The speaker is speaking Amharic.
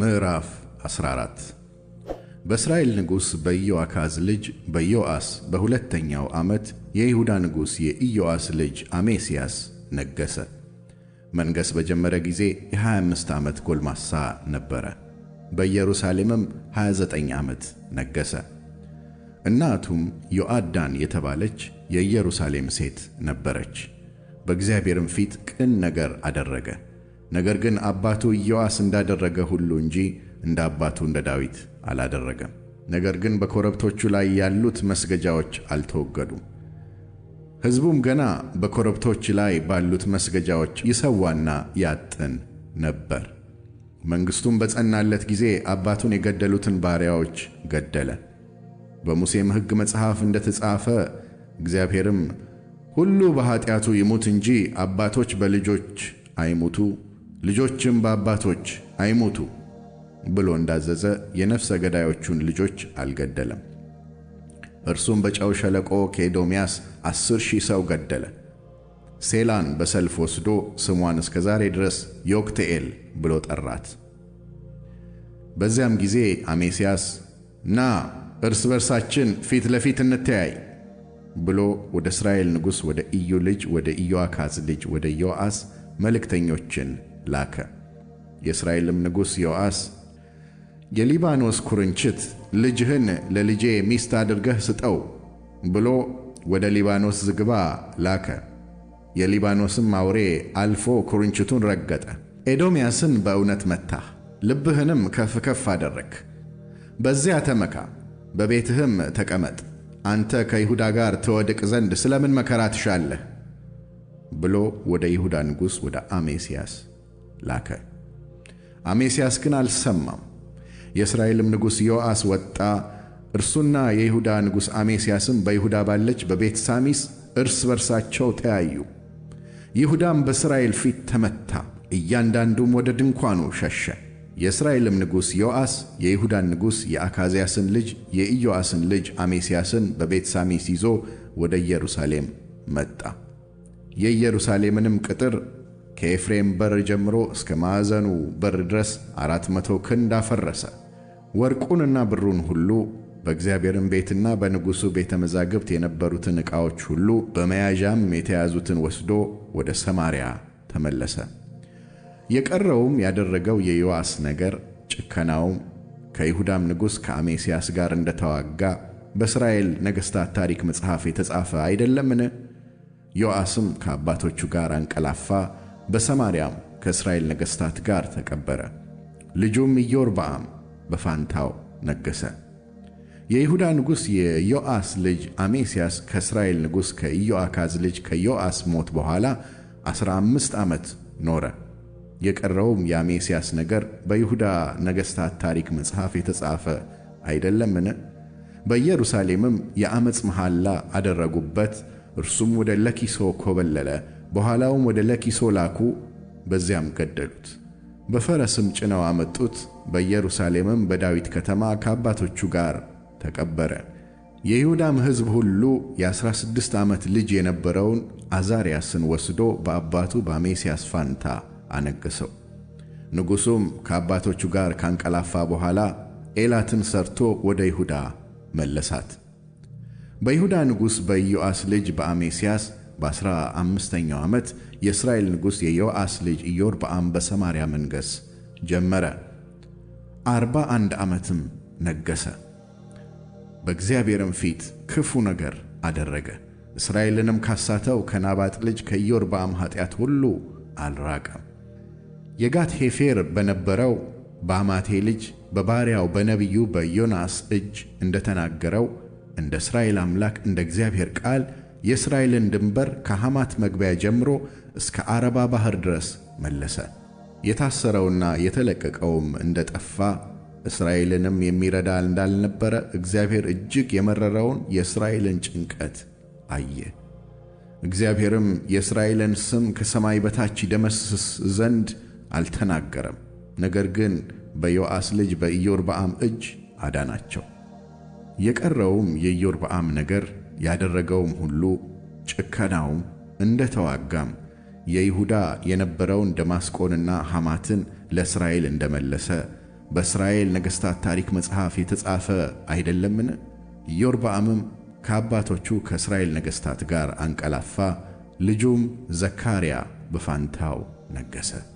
ምዕራፍ 14 በእስራኤል ንጉሥ በኢዮአካዝ ልጅ በዮአስ በሁለተኛው ዓመት የይሁዳ ንጉሥ የኢዮአስ ልጅ አሜስያስ ነገሠ። መንገሥ በጀመረ ጊዜ የ25 ዓመት ጎልማሳ ነበረ። በኢየሩሳሌምም 29 ዓመት ነገሠ። እናቱም ዮአዳን የተባለች የኢየሩሳሌም ሴት ነበረች። በእግዚአብሔርም ፊት ቅን ነገር አደረገ። ነገር ግን አባቱ ኢዮአስ እንዳደረገ ሁሉ እንጂ እንደ አባቱ እንደ ዳዊት አላደረገም። ነገር ግን በኮረብቶቹ ላይ ያሉት መስገጃዎች አልተወገዱም። ሕዝቡም ገና በኮረብቶች ላይ ባሉት መስገጃዎች ይሰዋና ያጥን ነበር። መንግሥቱም በጸናለት ጊዜ አባቱን የገደሉትን ባሪያዎች ገደለ። በሙሴም ሕግ መጽሐፍ እንደ ተጻፈ እግዚአብሔርም ሁሉ በኀጢአቱ ይሙት እንጂ አባቶች በልጆች አይሙቱ ልጆችም በአባቶች አይሙቱ ብሎ እንዳዘዘ የነፍሰ ገዳዮቹን ልጆች አልገደለም። እርሱም በጨው ሸለቆ ከኤዶምያስ አስር ሺህ ሰው ገደለ። ሴላን በሰልፍ ወስዶ ስሟን እስከ ዛሬ ድረስ ዮክቴኤል ብሎ ጠራት። በዚያም ጊዜ አሜስያስ ና እርስ በርሳችን ፊት ለፊት እንተያይ ብሎ ወደ እስራኤል ንጉሥ ወደ ኢዩ ልጅ ወደ ኢዮአካዝ ልጅ ወደ ዮአስ መልእክተኞችን ላከ። የእስራኤልም ንጉሥ ዮአስ የሊባኖስ ኩርንችት ልጅህን ለልጄ ሚስት አድርገህ ስጠው ብሎ ወደ ሊባኖስ ዝግባ ላከ። የሊባኖስም አውሬ አልፎ ኩርንችቱን ረገጠ። ኤዶምያስን በእውነት መታህ፣ ልብህንም ከፍ ከፍ አደረግ። በዚያ ተመካ፣ በቤትህም ተቀመጥ። አንተ ከይሁዳ ጋር ትወድቅ ዘንድ ስለምን መከራ ትሻለህ? ብሎ ወደ ይሁዳ ንጉሥ ወደ አሜስያስ ላከ። አሜሲያስ ግን አልሰማም። የእስራኤልም ንጉሥ ዮአስ ወጣ፣ እርሱና የይሁዳ ንጉሥ አሜስያስም በይሁዳ ባለች በቤት ሳሚስ እርስ በርሳቸው ተያዩ። ይሁዳም በእስራኤል ፊት ተመታ፣ እያንዳንዱም ወደ ድንኳኑ ሸሸ። የእስራኤልም ንጉሥ ዮአስ የይሁዳን ንጉሥ የአካዝያስን ልጅ የኢዮአስን ልጅ አሜሲያስን በቤት ሳሚስ ይዞ ወደ ኢየሩሳሌም መጣ። የኢየሩሳሌምንም ቅጥር ከኤፍሬም በር ጀምሮ እስከ ማዕዘኑ በር ድረስ አራት መቶ ክንድ አፈረሰ። ወርቁንና ብሩን ሁሉ በእግዚአብሔርም ቤትና በንጉሡ ቤተ መዛግብት የነበሩትን ዕቃዎች ሁሉ በመያዣም የተያዙትን ወስዶ ወደ ሰማርያ ተመለሰ። የቀረውም ያደረገው የዮአስ ነገር ጭከናውም፣ ከይሁዳም ንጉሥ ከአሜስያስ ጋር እንደተዋጋ በእስራኤል ነገሥታት ታሪክ መጽሐፍ የተጻፈ አይደለምን? ዮአስም ከአባቶቹ ጋር አንቀላፋ፣ በሰማርያም ከእስራኤል ነገሥታት ጋር ተቀበረ። ልጁም ኢዮርብዓም በፋንታው ነገሠ። የይሁዳ ንጉሥ የዮአስ ልጅ አሜስያስ ከእስራኤል ንጉሥ ከኢዮአካዝ ልጅ ከዮአስ ሞት በኋላ ዐሥራ አምስት ዓመት ኖረ። የቀረውም የአሜስያስ ነገር በይሁዳ ነገሥታት ታሪክ መጽሐፍ የተጻፈ አይደለምን? በኢየሩሳሌምም የዓመፅ መሐላ አደረጉበት፣ እርሱም ወደ ለኪሶ ኮበለለ። በኋላውም ወደ ለኪሶ ላኩ፣ በዚያም ገደሉት። በፈረስም ጭነው አመጡት። በኢየሩሳሌምም በዳዊት ከተማ ከአባቶቹ ጋር ተቀበረ። የይሁዳም ሕዝብ ሁሉ የአሥራ ስድስት ዓመት ልጅ የነበረውን አዛርያስን ወስዶ በአባቱ በአሜስያስ ፋንታ አነገሰው። ንጉሡም ከአባቶቹ ጋር ካንቀላፋ በኋላ ኤላትን ሰርቶ ወደ ይሁዳ መለሳት። በይሁዳ ንጉሥ በኢዮአስ ልጅ በአሜስያስ በአስራ አምስተኛው ዓመት የእስራኤል ንጉሥ የዮአስ ልጅ ኢዮርብዓም በሰማርያ መንገሥ ጀመረ። አርባ አንድ ዓመትም ነገሠ። በእግዚአብሔርም ፊት ክፉ ነገር አደረገ። እስራኤልንም ካሳተው ከናባጥ ልጅ ከኢዮርብዓም ኃጢአት ሁሉ አልራቀም። የጋት ሄፌር በነበረው በአማቴ ልጅ በባሪያው በነቢዩ በዮናስ እጅ እንደተናገረው እንደ እስራኤል አምላክ እንደ እግዚአብሔር ቃል የእስራኤልን ድንበር ከሐማት መግቢያ ጀምሮ እስከ አረባ ባሕር ድረስ መለሰ። የታሰረውና የተለቀቀውም እንደጠፋ እስራኤልንም የሚረዳ እንዳልነበረ እግዚአብሔር እጅግ የመረረውን የእስራኤልን ጭንቀት አየ። እግዚአብሔርም የእስራኤልን ስም ከሰማይ በታች ይደመስስ ዘንድ አልተናገረም፤ ነገር ግን በዮአስ ልጅ በኢዮርብዓም እጅ አዳናቸው። የቀረውም የኢዮርብዓም ነገር ያደረገውም ሁሉ ጭከናውም እንደ ተዋጋም የይሁዳ የነበረውን ደማስቆንና ሐማትን ለእስራኤል እንደመለሰ በእስራኤል ነገሥታት ታሪክ መጽሐፍ የተጻፈ አይደለምን? ኢዮርብዓምም ከአባቶቹ ከእስራኤል ነገሥታት ጋር አንቀላፋ፣ ልጁም ዘካርያ በፋንታው ነገሠ።